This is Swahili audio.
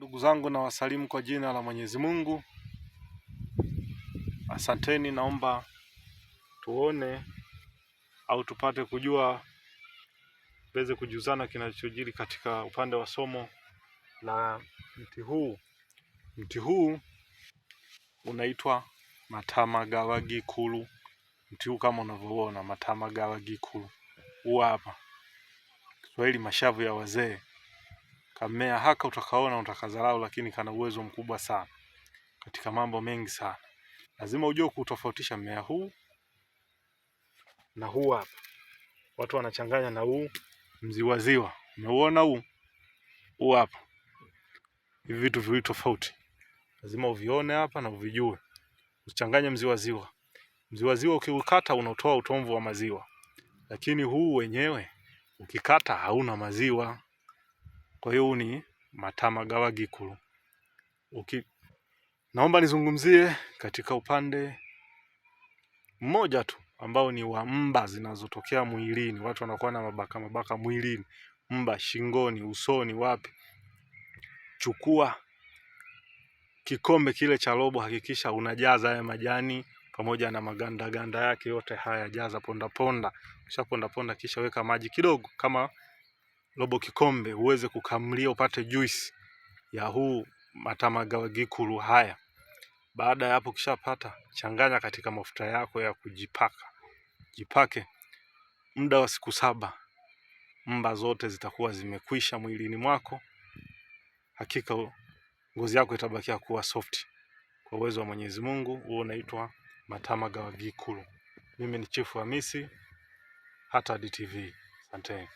Ndugu zangu na wasalimu kwa jina la Mwenyezi Mungu. Asanteni, naomba tuone au tupate kujua tuweze kujuzana kinachojiri katika upande wa somo la mti huu. Mti huu unaitwa kulu Mti huu kama unavyoona gikulu huu hapa Kiswahili, mashavu ya wazee. Kamea haka utakaona utakadharau, lakini kana uwezo mkubwa sana katika mambo mengi sana. Lazima ujue kutofautisha mmea huu na huu hapa. Watu wanachanganya na huu mziwaziwa, umeuona huu huu hapa. Hivi vitu viwili tofauti, lazima uvione hapa na uvijue. Usichanganye mziwaziwa. Mziwaziwa ukiukata unatoa utomvu wa maziwa, lakini huu wenyewe ukikata hauna maziwa. Kwa hiyo ni ni gawa gikulu. Uki... Naomba nizungumzie katika upande mmoja tu ambao ni wa mba zinazotokea mwilini. Watu wanakuwa na mabaka mabaka mwilini, mba shingoni, usoni, wapi. Chukua kikombe kile cha robo, hakikisha unajaza haya majani pamoja na maganda ganda yake yote haya, jaza ponda ponda. Kisha ponda ponda, kisha weka maji kidogo kama robo kikombe uweze kukamlia upate juisi ya huu matamagawagikulu haya. Baada ya hapo, ukishapata changanya katika mafuta yako ya kujipaka, jipake muda wa siku saba. Mba zote zitakuwa zimekwisha mwilini mwako. Hakika ngozi yako itabakia kuwa soft kwa uwezo wa Mwenyezi Mungu. Huo unaitwa matamagawagikulu. Mimi ni Chifu Hamisi, Hatad TV. Asanteni.